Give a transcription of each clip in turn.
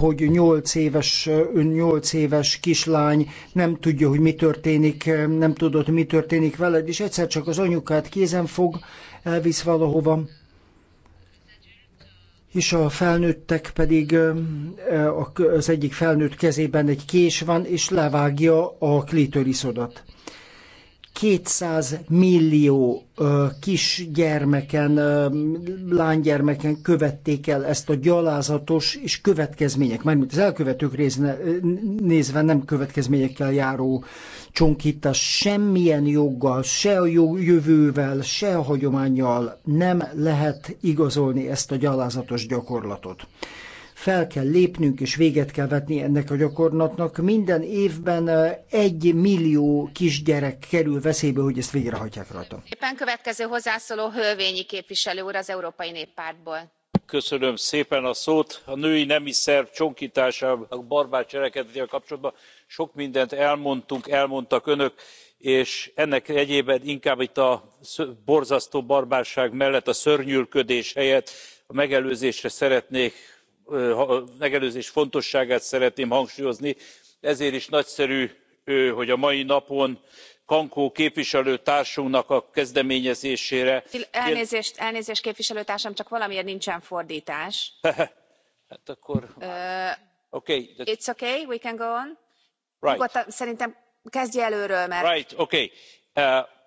hogy 8 éves, 8 éves kislány nem tudja, hogy mi történik, nem tudod, mi történik veled, és egyszer csak az anyukát kézen fog, elvisz valahova, és a felnőttek pedig az egyik felnőtt kezében egy kés van, és levágja a klitoriszodat. 200 millió kisgyermeken, lánygyermeken követték el ezt a gyalázatos és következmények, mármint az elkövetők részne, nézve nem következményekkel járó csonkítás semmilyen joggal, se a jövővel, se a hagyományjal nem lehet igazolni ezt a gyalázatos gyakorlatot fel kell lépnünk és véget kell vetni ennek a gyakorlatnak. Minden évben egy millió kisgyerek kerül veszélybe, hogy ezt végrehajtják rajta. Éppen következő hozzászóló Hölvényi képviselő úr az Európai Néppártból. Köszönöm szépen a szót. A női nemi szerv csonkításával, barbár cselekedetével kapcsolatban sok mindent elmondtunk, elmondtak önök és ennek egyében inkább itt a borzasztó barbárság mellett a szörnyűködés helyett a megelőzésre szeretnék megelőzés fontosságát szeretném hangsúlyozni ezért is nagyszerű hogy a mai napon kanko képviselőtársunknak a kezdeményezésére. elnézést képviselőtársam csak valamiért nincsen fordtás. Hát szerintem kezdje előről mert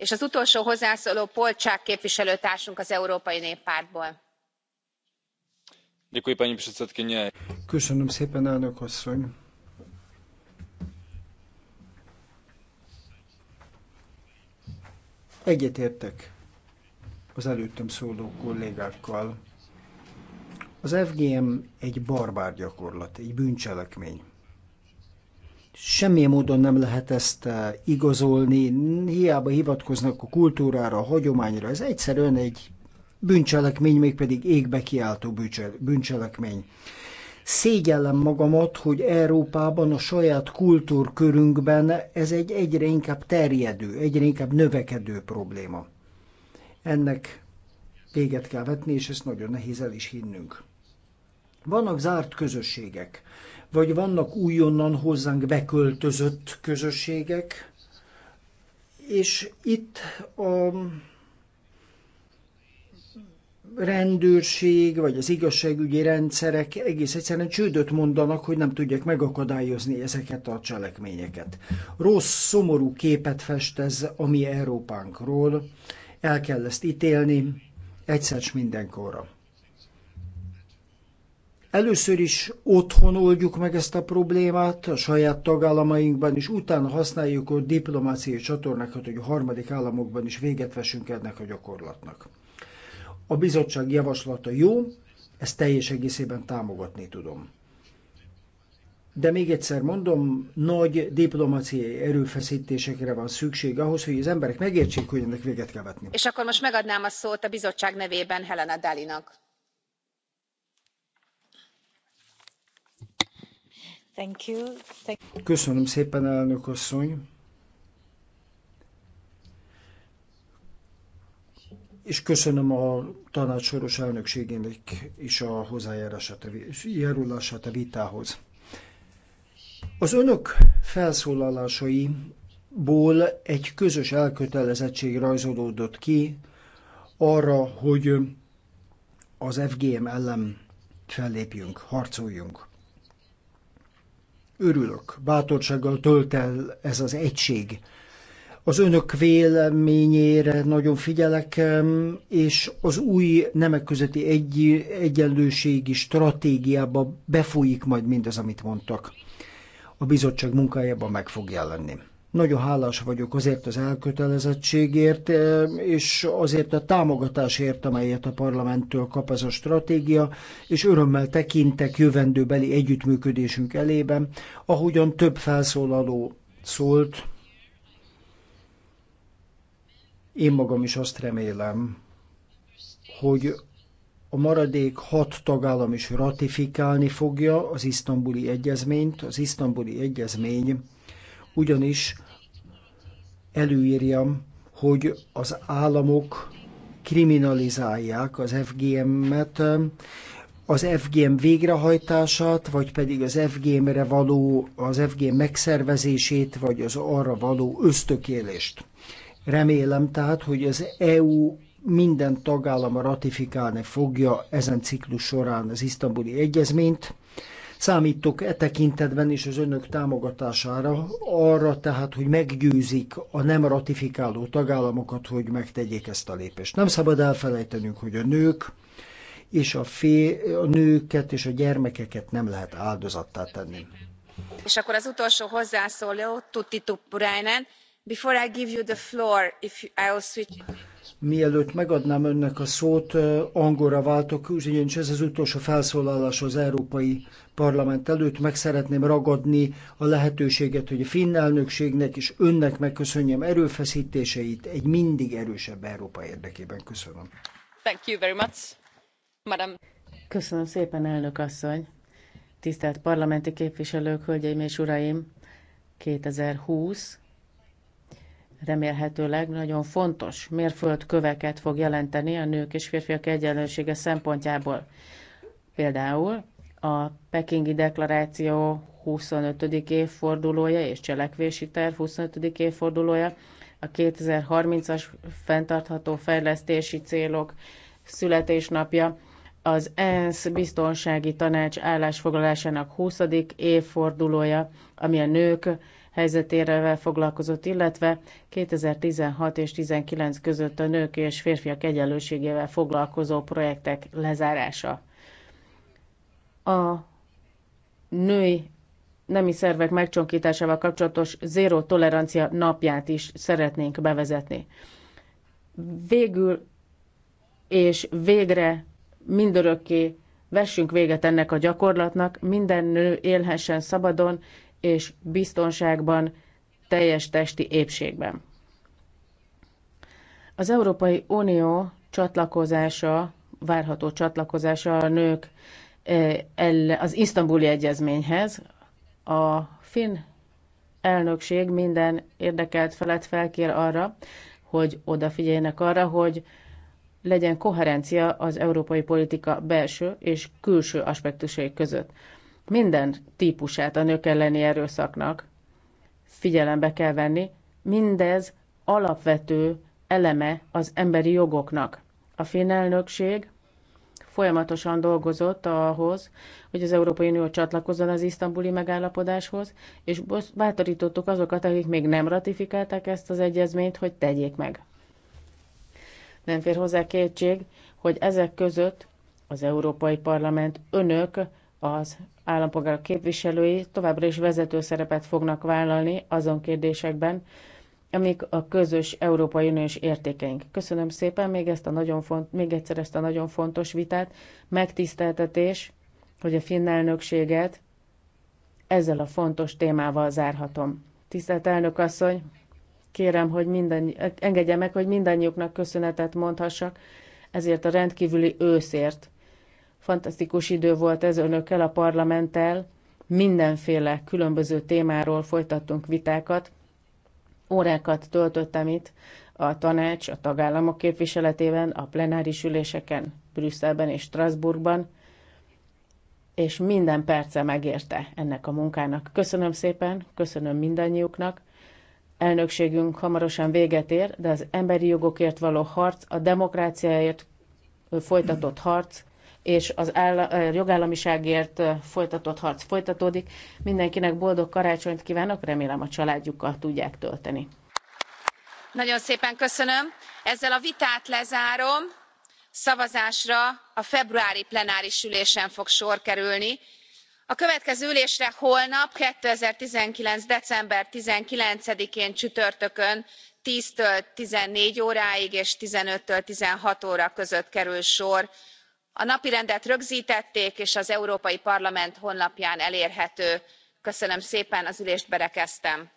és az utolsó hozzászóló polk képviselőtársunk az európai néppártból. köszönöm szépen egyetértek az előttem szóló kollégákkal. Az FGM egy barbár gyakorlat, egy bűncselekmény semmilyen módon nem lehet ezt eh, igazolni, hiába hivatkoznak a kultúrára, a hagyományra. Ez egyszerűen egy bűncselekmény, mégpedig égbe kiáltó bűncselekmény. Szégyellem magamat, hogy Európában, a saját kultúrkörünkben ez egy egyre inkább terjedő, egyre inkább növekedő probléma. Ennek véget kell vetni, és ezt nagyon nehéz el is hinnünk. Vannak zárt közösségek, vagy vannak újonnan hozzánk beköltözött közösségek, és itt a rendőrség, vagy az igazságügyi rendszerek egész egyszerűen csődöt mondanak, hogy nem tudják megakadályozni ezeket a cselekményeket. Rossz, szomorú képet fest ez a mi Európánkról, el kell ezt ítélni egyszer mindenkorra. Először is otthon oldjuk meg ezt a problémát, a saját tagállamainkban, és utána használjuk a diplomáciai csatornákat, hogy a harmadik államokban is véget vessünk ennek a gyakorlatnak. A bizottság javaslata jó, ezt teljes egészében támogatni tudom. De még egyszer mondom, nagy diplomáciai erőfeszítésekre van szükség ahhoz, hogy az emberek megértsék, hogy ennek véget kell vetni. És akkor most megadnám a szót a bizottság nevében Helena Dalinak Thank you. Thank you. Köszönöm szépen, elnök asszony. és köszönöm a tanács soros elnökségének is a hozzájárulását a, a vitához. Az önök felszólalásaiból egy közös elkötelezettség rajzolódott ki arra, hogy az FGM ellen fellépjünk, harcoljunk. Örülök, bátorsággal tölt el ez az egység. Az önök véleményére nagyon figyelek, és az új nemek közötti egy, egyenlőségi stratégiába befolyik majd mindez, amit mondtak. A bizottság munkájában meg fog jelenni. Nagyon hálás vagyok azért az elkötelezettségért, eh, és azért a támogatásért, amelyet a parlamenttől kap ez a stratégia, és örömmel tekintek jövendőbeli együttműködésünk elében, ahogyan több felszólaló szólt. Én magam is azt remélem, hogy a maradék hat tagállam is ratifikálni fogja az isztambuli egyezményt. Az isztambuli egyezmény ugyanis előírjam, hogy az államok kriminalizálják az FGM-et, az FGM végrehajtását, vagy pedig az FGM-re való, az FGM megszervezését, vagy az arra való ösztökélést. Remélem tehát, hogy az EU minden tagállama ratifikálni fogja ezen ciklus során az isztambuli egyezményt, Számítok e tekintetben is az önök támogatására, arra tehát, hogy meggyőzik a nem ratifikáló tagállamokat, hogy megtegyék ezt a lépést. Nem szabad elfelejtenünk, hogy a nők és a, fé, a nőket és a gyermekeket nem lehet áldozattá tenni. És akkor az utolsó hozzászóló, Tutti Tuppurainen. Before I give you the floor, if I will switch... Mielőtt megadnám önnek a szót, angolra váltok, ugyanis ez az utolsó felszólalás az Európai Parlament előtt. Meg szeretném ragadni a lehetőséget, hogy a finn elnökségnek és önnek megköszönjem erőfeszítéseit egy mindig erősebb Európa érdekében. Köszönöm. Thank you very much, madam. Köszönöm szépen, elnök asszony. Tisztelt parlamenti képviselők, hölgyeim és uraim! 2020 remélhetőleg nagyon fontos mérföldköveket fog jelenteni a nők és férfiak egyenlősége szempontjából. Például a Pekingi Deklaráció 25. évfordulója és cselekvési terv 25. évfordulója, a 2030-as fenntartható fejlesztési célok születésnapja, az ENSZ biztonsági tanács állásfoglalásának 20. évfordulója, ami a nők helyzetével foglalkozott, illetve 2016 és 19 között a nők és férfiak egyenlőségével foglalkozó projektek lezárása. A női nemi szervek megcsonkításával kapcsolatos zéró tolerancia napját is szeretnénk bevezetni. Végül és végre mindörökké vessünk véget ennek a gyakorlatnak, minden nő élhessen szabadon, és biztonságban, teljes testi épségben. Az Európai Unió csatlakozása, várható csatlakozása a nők e, az isztambuli egyezményhez, a finn elnökség minden érdekelt felett felkér arra, hogy odafigyeljenek arra, hogy legyen koherencia az európai politika belső és külső aspektusai között minden típusát a nők elleni erőszaknak figyelembe kell venni. Mindez alapvető eleme az emberi jogoknak. A finn elnökség folyamatosan dolgozott ahhoz, hogy az Európai Unió csatlakozzon az isztambuli megállapodáshoz, és bátorítottuk azokat, akik még nem ratifikálták ezt az egyezményt, hogy tegyék meg. Nem fér hozzá kétség, hogy ezek között az Európai Parlament önök az állampolgárok képviselői továbbra is vezető szerepet fognak vállalni azon kérdésekben, amik a közös Európai Uniós értékeink. Köszönöm szépen még, ezt a nagyon font, még egyszer ezt a nagyon fontos vitát. Megtiszteltetés, hogy a finn elnökséget ezzel a fontos témával zárhatom. Tisztelt elnök asszony, kérem, hogy minden, engedje meg, hogy mindannyiuknak köszönetet mondhassak ezért a rendkívüli őszért, Fantasztikus idő volt ez önökkel, a parlamenttel. Mindenféle különböző témáról folytattunk vitákat. Órákat töltöttem itt a tanács, a tagállamok képviseletében, a plenáris üléseken, Brüsszelben és Strasbourgban, és minden perce megérte ennek a munkának. Köszönöm szépen, köszönöm mindannyiuknak. Elnökségünk hamarosan véget ér, de az emberi jogokért való harc, a demokráciáért folytatott harc és az áll- jogállamiságért folytatott harc folytatódik. Mindenkinek boldog karácsonyt kívánok, remélem a családjukkal tudják tölteni. Nagyon szépen köszönöm. Ezzel a vitát lezárom. Szavazásra a februári plenáris ülésen fog sor kerülni a következő ülésre holnap 2019. december 19 én csütörtökön 10 től 14 óráig és 15 től 16 óra között kerül sor a napirendet rögztették és az európai parlament honlapján elérhető. köszönöm szépen az ülést berekeztem.